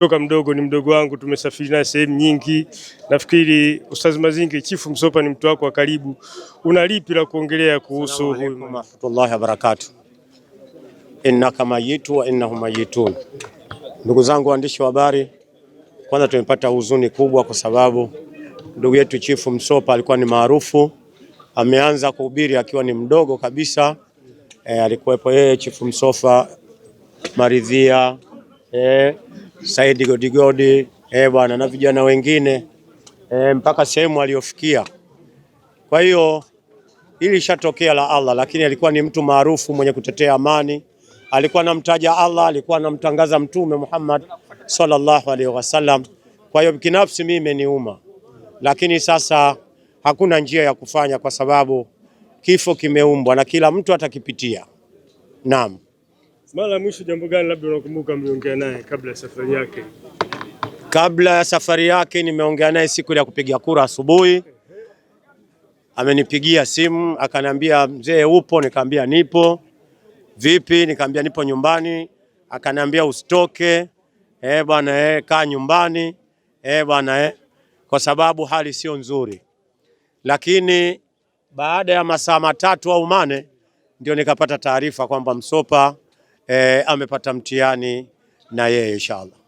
Toka mdogo ni mdogo wangu, tumesafiri naye sehemu nyingi. Nafikiri Ustaz Mazinge, Chifu Msopa ni mtu wako wa karibu. Una lipi la kuongelea kuhusu huyu? rahmatullahi Innaka mayitu wa innahum mayitun. Ndugu zangu waandishi wa habari, kwanza tumepata huzuni kubwa kwa sababu ndugu yetu Chifu Msopa alikuwa ni maarufu, ameanza kuhubiri akiwa ni mdogo kabisa. E, alikuwepo yeye Chifu Msopa Maridhia e, Saidi Godigodi eh bwana na vijana wengine e, mpaka sehemu aliyofikia. Kwa hiyo hili lishatokea la Allah, lakini alikuwa ni mtu maarufu mwenye kutetea amani, alikuwa anamtaja Allah, alikuwa anamtangaza Mtume Muhammad sallallahu alaihi wasallam. Kwa hiyo binafsi mimi imeniuma, lakini sasa hakuna njia ya kufanya, kwa sababu kifo kimeumbwa na kila mtu atakipitia. Naam. Mara ya mwisho jambo gani labda unakumbuka mliongea naye kabla ya safari yake? Kabla ya safari yake nimeongea naye siku ya kupiga kura asubuhi, amenipigia simu akaniambia, mzee upo? Nikamwambia nipo. Vipi? Nikamwambia nipo nyumbani. Akaniambia usitoke, eh bwana, eh kaa nyumbani, eh bwana, eh kwa sababu hali sio nzuri. Lakini baada ya masaa matatu au mane ndio nikapata taarifa kwamba Msopa e, amepata mtihani na yeye inshallah.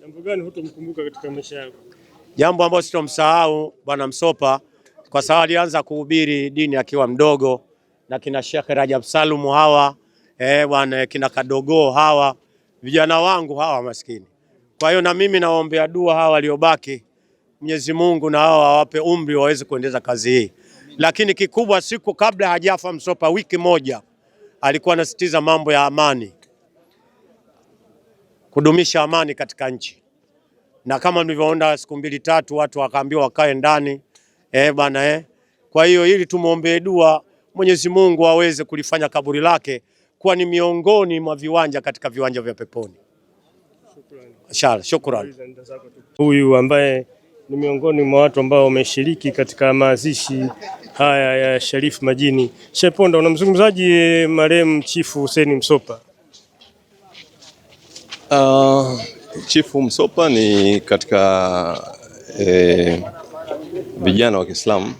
Jambo gani hutomkumbuka katika maisha yako? Jambo ambalo sitomsahau Bwana Msopa kwa sababu alianza kuhubiri dini akiwa mdogo na kina Sheikh Rajab Salumu hawa e, bwana kina Kadogo hawa vijana wangu hawa maskini. Kwa hiyo na mimi nawaombea dua hawa waliobaki, Mwenyezi Mungu na hawa awape umri waweze kuendeza kazi hii, lakini kikubwa, siku kabla hajafa Msopa, wiki moja alikuwa anasisitiza mambo ya amani, kudumisha amani katika nchi, na kama mlivyoona siku mbili tatu watu wakaambiwa wakae ndani eh, bana eh. Kwa hiyo hili tumwombee dua Mwenyezi Mungu aweze kulifanya kaburi lake kuwa ni miongoni mwa viwanja katika viwanja vya peponi. Shukrani. Huyu ambaye ni miongoni mwa watu ambao wameshiriki katika mazishi haya ya Sharifu Majini Sheponda, unamzungumzaji eh, marehemu Chifu Hussein Msopa? Uh, ah, Chifu Msopa ni katika eh, vijana wa Kiislamu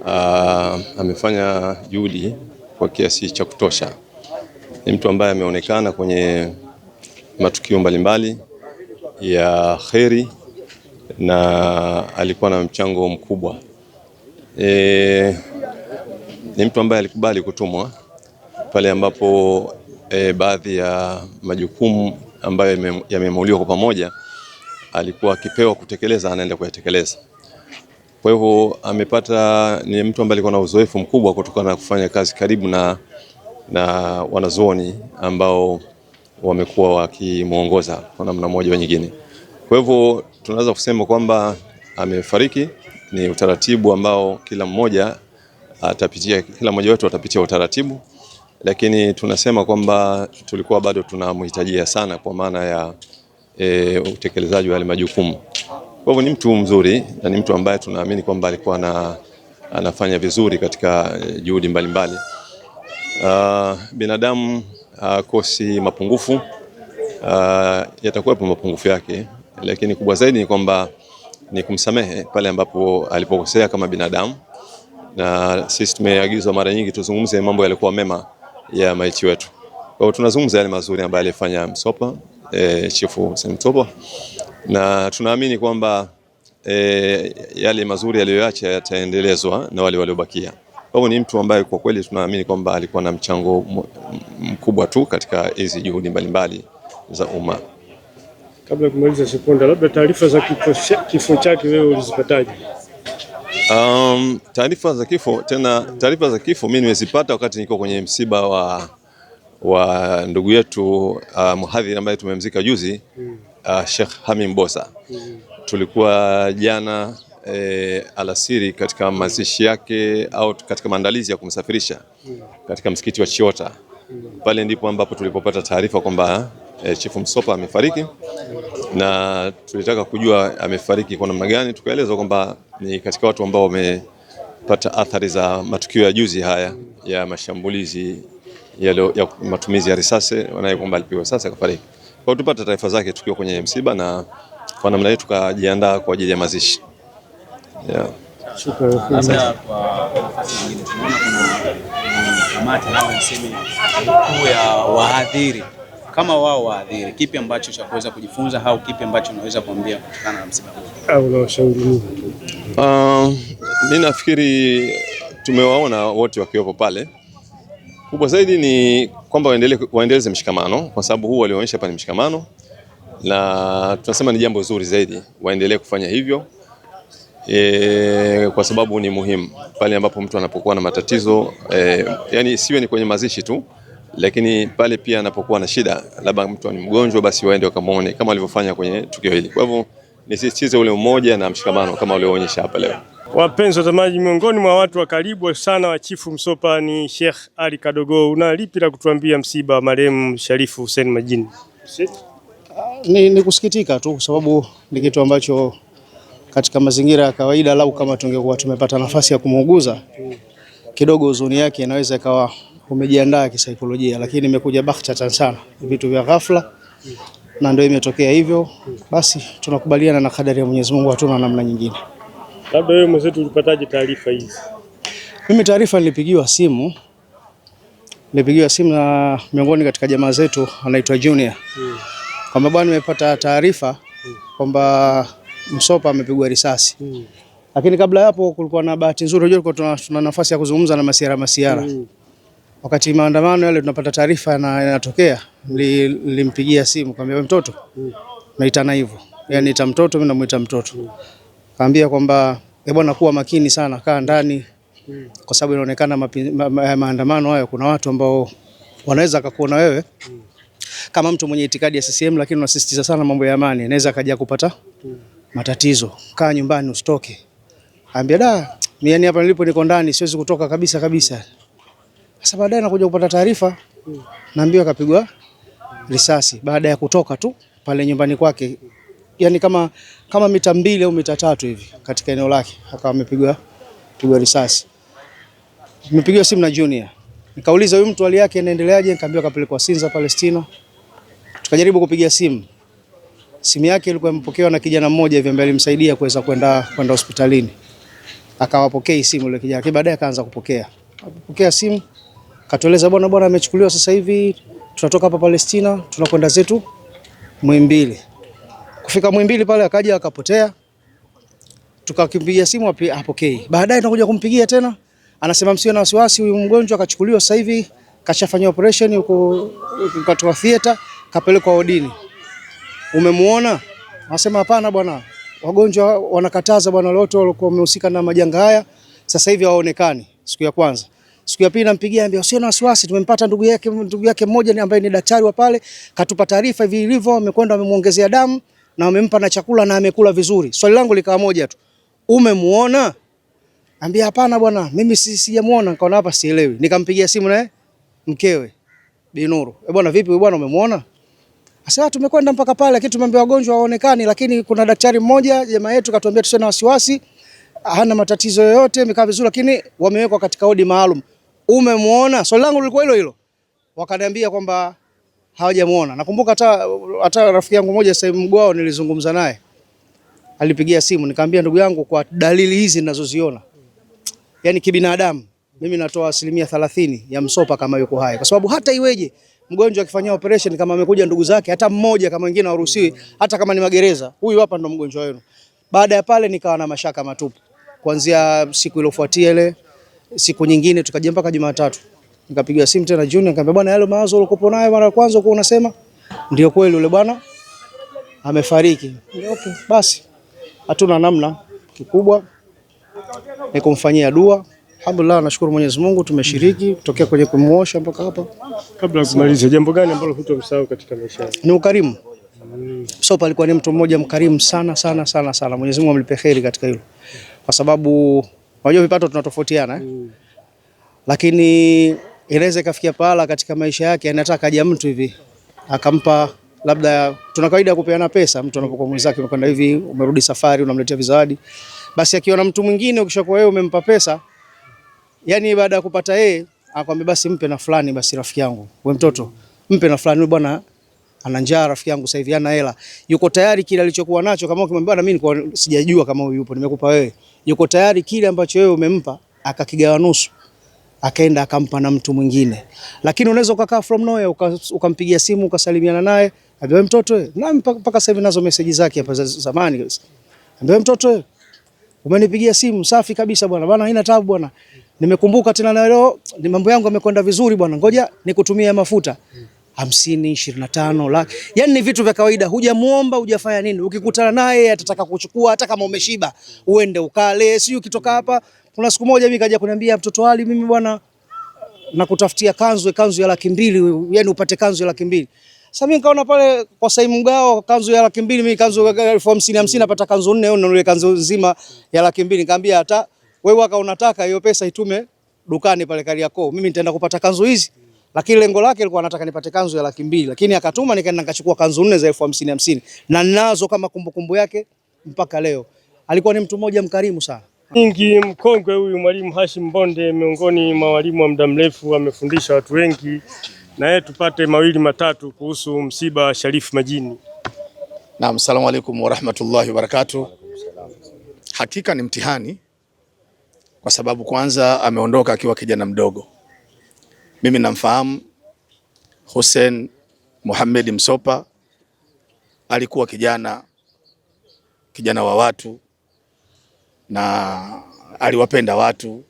uh, amefanya juhudi kwa kiasi cha kutosha. Ni mtu ambaye ameonekana kwenye matukio mbalimbali mbali ya kheri na alikuwa na mchango mkubwa e, ni mtu ambaye alikubali kutumwa pale ambapo e, baadhi ya majukumu ambayo yamemuliwa kwa pamoja alikuwa akipewa kutekeleza, anaenda kuyatekeleza. Kwa hivyo amepata, ni mtu ambaye alikuwa na uzoefu mkubwa kutokana na kufanya kazi karibu na, na wanazuoni ambao wamekuwa wakimuongoza kwa namna moja au nyingine. Kwa hivyo tunaweza kusema kwamba amefariki ni utaratibu ambao kila mmoja atapitia, kila mmoja wetu atapitia utaratibu, lakini tunasema kwamba tulikuwa bado tunamhitajia sana kwa maana ya e, utekelezaji wa yale majukumu. Kwa hivyo ni mtu mzuri na ni mtu ambaye tunaamini kwamba alikuwa na, anafanya vizuri katika e, juhudi mbalimbali. Uh, binadamu akosi uh, mapungufu uh, yatakuwepo mapungufu yake, lakini kubwa zaidi ni kwamba ni kumsamehe pale ambapo alipokosea kama binadamu, na sisi tumeagizwa mara nyingi tuzungumze mambo yalikuwa mema ya maiti wetu. Kwa hiyo tunazungumza yale mazuri ambayo alifanya Msopa e, Chifu Msopa, na tunaamini kwamba e, yale mazuri aliyoacha yataendelezwa na wale waliobakia. Kwa hiyo ni mtu ambaye kwa kweli tunaamini kwamba alikuwa na mchango mkubwa tu katika hizi juhudi mbalimbali za umma kabla ya kumaliza sekonda, labda taarifa za kifo, kifo chake wewe ulizipataje? Um, taarifa za kifo tena, taarifa za kifo mimi nimezipata wakati niko kwenye msiba wa, wa ndugu yetu uh, mhadhiri ambaye tumemzika juzi hmm. uh, Sheikh Hamim Bosa. Hmm. Tulikuwa jana E, alasiri katika mazishi yake au katika maandalizi ya kumsafirisha hmm. katika msikiti wa Chiota. Pale ndipo ambapo tulipopata taarifa kwamba e, eh, Chifu Msopa amefariki na tulitaka kujua amefariki kwa namna gani, tukaelezwa kwamba ni katika watu ambao wamepata athari za matukio ya juzi haya ya mashambulizi ya, ya matumizi ya risasi wanaye kwamba alipigwa sasa akafariki. Kwa hiyo tupata taarifa zake tukiwa kwenye msiba na kwa namna hiyo tukajiandaa kwa ajili ya mazishi yeah. Shukrani kama wao waadhiri, kipi ambacho cha kuweza kujifunza au kipi ambacho unaweza kuambia kutokana na msiba huu? Uh, ah, mimi nafikiri tumewaona wote wakiwepo pale. Kubwa zaidi ni kwamba waendeleze mshikamano, kwa sababu huu walioonyesha hapa ni mshikamano, na tunasema ni jambo zuri zaidi, waendelee kufanya hivyo e, kwa sababu ni muhimu pale ambapo mtu anapokuwa na matatizo e, yani siwe ni kwenye mazishi tu lakini pale pia anapokuwa na shida, labda mtu ni mgonjwa, basi waende wakamwone kama walivyofanya kwenye tukio hili. Kwa hivyo nisisitize ule umoja na mshikamano kama ulioonyesha hapa leo. Wapenzi watazamaji, miongoni mwa watu wa karibu sana wa Chifu Msopa ni Sheikh Ali Kadogo. Una lipi la kutuambia msiba wa marehemu Sharifu Hussein Majini? Ah, ni, ni kusikitika tu kwa sababu ni kitu ambacho katika mazingira ya kawaida lau kama tungekuwa tumepata nafasi ya kumuuguza kidogo, huzuni yake inaweza ikawa umejiandaa kisaikolojia, lakini imekuja bakhtatan sana, vitu vya ghafla na ndio imetokea hivyo. Basi tunakubaliana na kadari ya Mwenyezi Mungu, hatuna namna nyingine. Labda wewe mwenzetu, ulipataje taarifa hizi? Mimi taarifa nilipigiwa simu, nilipigiwa simu na miongoni katika jamaa zetu anaitwa Junior hmm. kwamba bwana, nimepata taarifa kwamba Msopa amepigwa risasi hmm. Lakini kabla hapo kulikuwa na bahati nzuri, unajua tuna, tuna nafasi ya kuzungumza na masiara masiara hmm wakati maandamano yale tunapata taarifa na yanatokea, nilimpigia simu kaambia mtoto mm. naitana hivyo yani, ita mtoto mimi namuita mtoto mm. kaambia kwamba e bwana, kuwa makini sana, kaa ndani mm. kwa sababu inaonekana ma, maandamano hayo kuna watu ambao wanaweza kakuona wewe mm. kama mtu mwenye itikadi ya CCM, lakini unasisitiza sana mambo ya amani, anaweza akaja kupata mm. matatizo. Kaa nyumbani usitoke. Ambia da mimi yaani hapa nilipo niko ndani, siwezi kutoka kabisa kabisa sasa baadaye nakuja kupata taarifa, naambiwa kapigwa risasi baada ya kutoka tu pale nyumbani kwake, yani kama, kama mita mbili au mita tatu hivi katika eneo lake akawa amepigwa pigwa risasi. Nimepigiwa simu na Junior, nikauliza huyu mtu hali yake inaendeleaje? Nikaambiwa kapelekwa Sinza Palestina. Tukajaribu kupiga simu, simu yake ilikuwa imepokewa na kijana mmoja hivi ambaye alimsaidia kuweza kwenda kwenda hospitalini, akawapokea simu ile kijana, baadaye akaanza kupokea akapokea simu Katueleza bwana bwana amechukuliwa sasa hivi tunatoka hapa Palestina tunakwenda zetu Muhimbili. Kufika Muhimbili pale akaja akapotea. Tukakimbia simu api apokei. Baadaye tunakuja kumpigia tena anasema msio na wasiwasi huyu mgonjwa akachukuliwa sasa hivi kashafanywa operation huko katoa theater kapelekwa odini. Umemuona? Anasema hapana bwana. Wagonjwa wanakataza bwana, wote walikuwa wamehusika na majanga haya sasa hivi hawaonekani siku ya kwanza. Siku ya pili nampigia ambia usio na wasiwasi, tumempata ndugu yake, ndugu yake mmoja ambaye ni daktari wa pale, katupa taarifa hivi ilivyo, amekwenda amemuongezea damu na amempa na chakula na amekula vizuri. Swali langu likawa moja tu, umemuona? Ambia hapana bwana, mimi sijamuona. Nikaona hapa sielewi, nikampigia simu naye mkewe Binuru, e eh bwana, vipi bwana, umemuona? Asa, tumekwenda mpaka pale, lakini tumeambia wagonjwa waonekani, lakini kuna daktari mmoja jamaa yetu katuambia tusiwe na wasiwasi, hana matatizo yoyote, amekaa vizuri, lakini wamewekwa katika wodi maalum umemuona? Swali langu lilikuwa hilo hilo, wakaniambia kwamba hawajamuona. Nakumbuka hata hata rafiki yangu mmoja sasa mgwao nilizungumza naye, alipigia simu nikamwambia, ndugu yangu, kwa dalili hizi ninazoziona, yani kibinadamu, mimi natoa asilimia thelathini ya Msopa kama yuko hai, kwa sababu hata iweje mgonjwa akifanyia operation kama amekuja ndugu zake hata mmoja kama wengine hawaruhusiwi, hata kama ni magereza, huyu hapa ndo mgonjwa wenu. Baada ya pale nikawa na mashaka matupu, kuanzia siku iliyofuatia ile siku nyingine tukaja mpaka Jumatatu, nikapiga simu tena Junior, nikamwambia bwana, yale mawazo ulikopo nayo mara ya kwanza uko unasema ndio kweli, yule bwana amefariki. Okay, basi hatuna namna, kikubwa ni kumfanyia dua. Alhamdulillah, nashukuru Mwenyezi Mungu tumeshiriki kutokea kwenye kumuosha mpaka hapa. Kabla ya kumaliza, jambo gani ambalo hutomsahau katika maisha yako? Ni ukarimu. Mm. Sopa alikuwa ni mtu mmoja mkarimu sana sana sana sana. Mwenyezi Mungu amlipe heri katika hilo, kwa sababu Unajua vipato tunatofautiana Mm. Lakini inaweza ikafikia pahala katika maisha yake anataka kaja mtu hivi akampa labda tuna kawaida ya kupeana pesa, mtu anapokuwa mwenzake, umekwenda hivi, umerudi safari, unamletea vizawadi. Basi akiona mtu mwingine, ukishakuwa wewe umempa pesa, yani baada ya kupata yeye akwambia, basi mpe na fulani, basi rafiki yangu, we mtoto, mpe na fulani bwana ana njaa rafiki yangu sasa hivi ana hela, yuko tayari kile alichokuwa nacho. Kama ukimwambia na mimi nilikuwa sijajua kama huyu yupo, nimekupa wewe, yuko tayari kile ambacho wewe umempa akakigawa nusu akaenda akampa na mtu mwingine. Lakini unaweza ukakaa from nowhere ukampigia uka simu ukasalimiana naye, ambia mtoto wewe, na mpaka sasa hivi nazo message zake hapa za zamani, ambia mtoto wewe, umenipigia simu safi kabisa bwana, bwana haina taabu bwana, nimekumbuka tena na leo ni mambo yangu yamekwenda vizuri bwana, ngoja nikutumie mafuta hmm hamsini, ishirini na tano la, Yani ni vitu vya kawaida, hujamuomba hujafanya nini. Ukikutana naye atataka kuchukua, hata kama umeshiba uende ukale, si ukitoka hapa. Kuna siku moja mimi kaja kuniambia mtoto Ali, mimi bwana nakutafutia kanzu, kanzu ya laki mbili, yani upate kanzu ya laki mbili. Sasa mimi nikaona pale kwa Saimu Mgao kanzu ya laki mbili, mimi kanzu elfu hamsini hamsini napata kanzu nne, nile kanzu nzima ya laki mbili. Nikamwambia hata wewe waka unataka hiyo pesa itume dukani pale Kariakoo, mimi nitaenda kupata kanzu hizi lakini lengo lake alikuwa anataka nipate kanzu ya laki mbili, lakini akatuma nikaenda nikachukua kanzu nne za elfu hamsini hamsini na ninazo kama kumbukumbu yake mpaka leo. Alikuwa ni mtu mmoja mkarimu sana ingi mkongwe huyu Mwalimu Hashim bonde miongoni mwa walimu wa muda mrefu, amefundisha watu wengi, na yeye tupate mawili matatu kuhusu msiba wa Sharif Majini. Naam, salamu alaykum warahmatullahi barakatuh. Hakika ni mtihani kwa sababu kwanza ameondoka akiwa kijana mdogo mimi namfahamu Hussein Mohamed Msopa, alikuwa kijana kijana wa watu na aliwapenda watu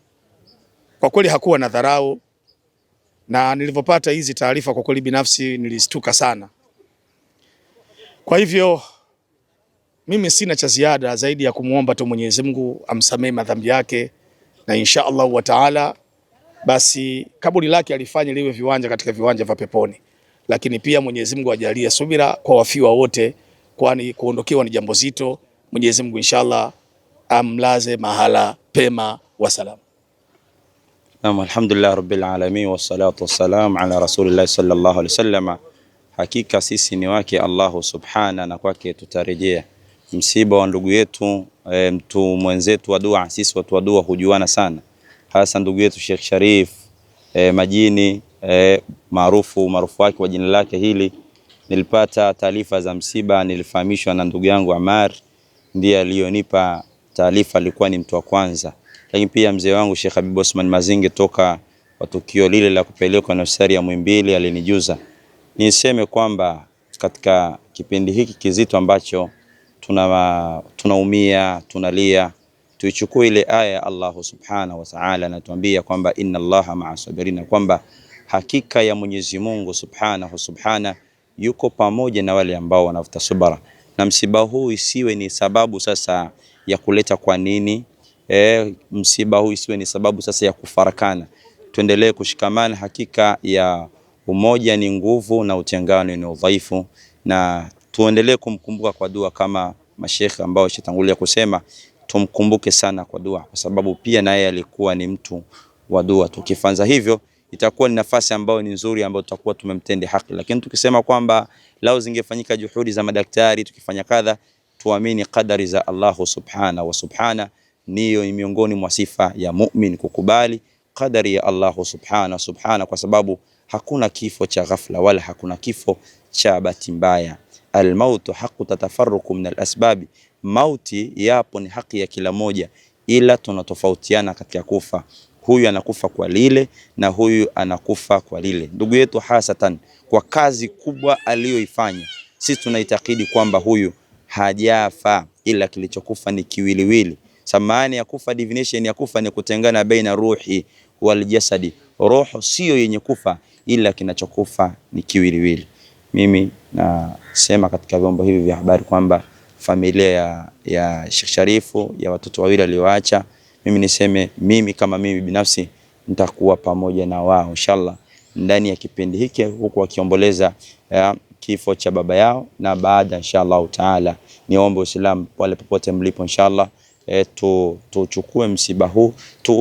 kwa kweli, hakuwa na dharau, na nilivyopata hizi taarifa, kwa kweli binafsi nilistuka sana. Kwa hivyo mimi sina cha ziada zaidi ya kumwomba tu Mwenyezi Mungu amsamehe madhambi yake na insha Allahu wa taala basi kaburi lake alifanya liwe viwanja katika viwanja vya peponi. Lakini pia Mwenyezi Mungu ajalie subira kwa wafiwa wote, kwani kuondokewa ni jambo zito. Mwenyezi Mungu inshallah amlaze mahala pema salam. Naam, alhamdulillah rabbil alamin wassalatu wassalam ala rasulillah sallallahu alaihi wasallam. Hakika sisi ni wake Allahu subhana na kwake tutarejea. Msiba wa ndugu yetu e, mtu mwenzetu wa dua, sisi watu wa dua hujuana sana hasa ndugu yetu Sheikh Sharif e, Majini e, maarufu maarufu wake kwa jina lake hili. Nilipata taarifa za msiba, nilifahamishwa na ndugu yangu Amar, ndiye aliyonipa taarifa, alikuwa ni mtu wa kwanza. Lakini pia mzee wangu Sheikh Habib Osman Mazinge toka tukio lile la kupelekwa nasari ya Mwimbili alinijuza. Niseme kwamba katika kipindi hiki kizito ambacho tunaumia, tuna tunalia tuichukue ile aya ya Allah subhanahu wa ta'ala, anatuambia kwamba inna Allaha ma'a sabirina, kwamba hakika ya Mwenyezi Mungu subhanahu subhana yuko pamoja na wale ambao wanafuta subra. Na msiba huu isiwe ni sababu sasa ya kuleta kwa nini e, msiba huu isiwe ni sababu sasa ya kufarakana. Tuendelee kushikamana, hakika ya umoja ni nguvu na utengano ni udhaifu, na tuendelee kumkumbuka kwa dua kama mashekhe ambao ishatangulia kusema tumkumbuke sana kwa dua, kwa sababu pia naye alikuwa ni mtu wa dua. tukifanza hivyo itakuwa ni nafasi ambayo ni nzuri ambayo tutakuwa tumemtende haki. Lakini tukisema kwamba lao zingefanyika juhudi za madaktari, tukifanya kadha, tuamini kadari za Allahu subhana wa subhana, niyo miongoni mwa sifa ya mumin kukubali kadari ya Allahu subhana subhana, kwa sababu hakuna kifo cha ghafla wala hakuna kifo cha bahati mbaya. Almautu haqu tatafaruku min alasbabi Mauti yapo, ni haki ya kila moja, ila tunatofautiana katika kufa. Huyu anakufa kwa lile na huyu anakufa kwa lile. Ndugu yetu hasatan kwa kazi kubwa aliyoifanya, sisi tunaitakidi kwamba huyu hajafa, ila kilichokufa ni kiwiliwili. Samani ya kufa, definition ya kufa ni kutengana baina ruhi wal jasadi. Roho siyo yenye kufa, ila kinachokufa ni kiwiliwili. Mimi nasema katika vyombo hivi vya habari kwamba familia ya, ya Sheikh Sharifu ya watoto wawili walioacha. Mimi niseme mimi kama mimi binafsi nitakuwa pamoja na wao inshallah ndani ya kipindi hiki, huku wakiomboleza kifo cha baba yao na baada inshallah taala. Niombe Uislamu wale popote mlipo inshallah, e, tuchukue tu msiba huu tu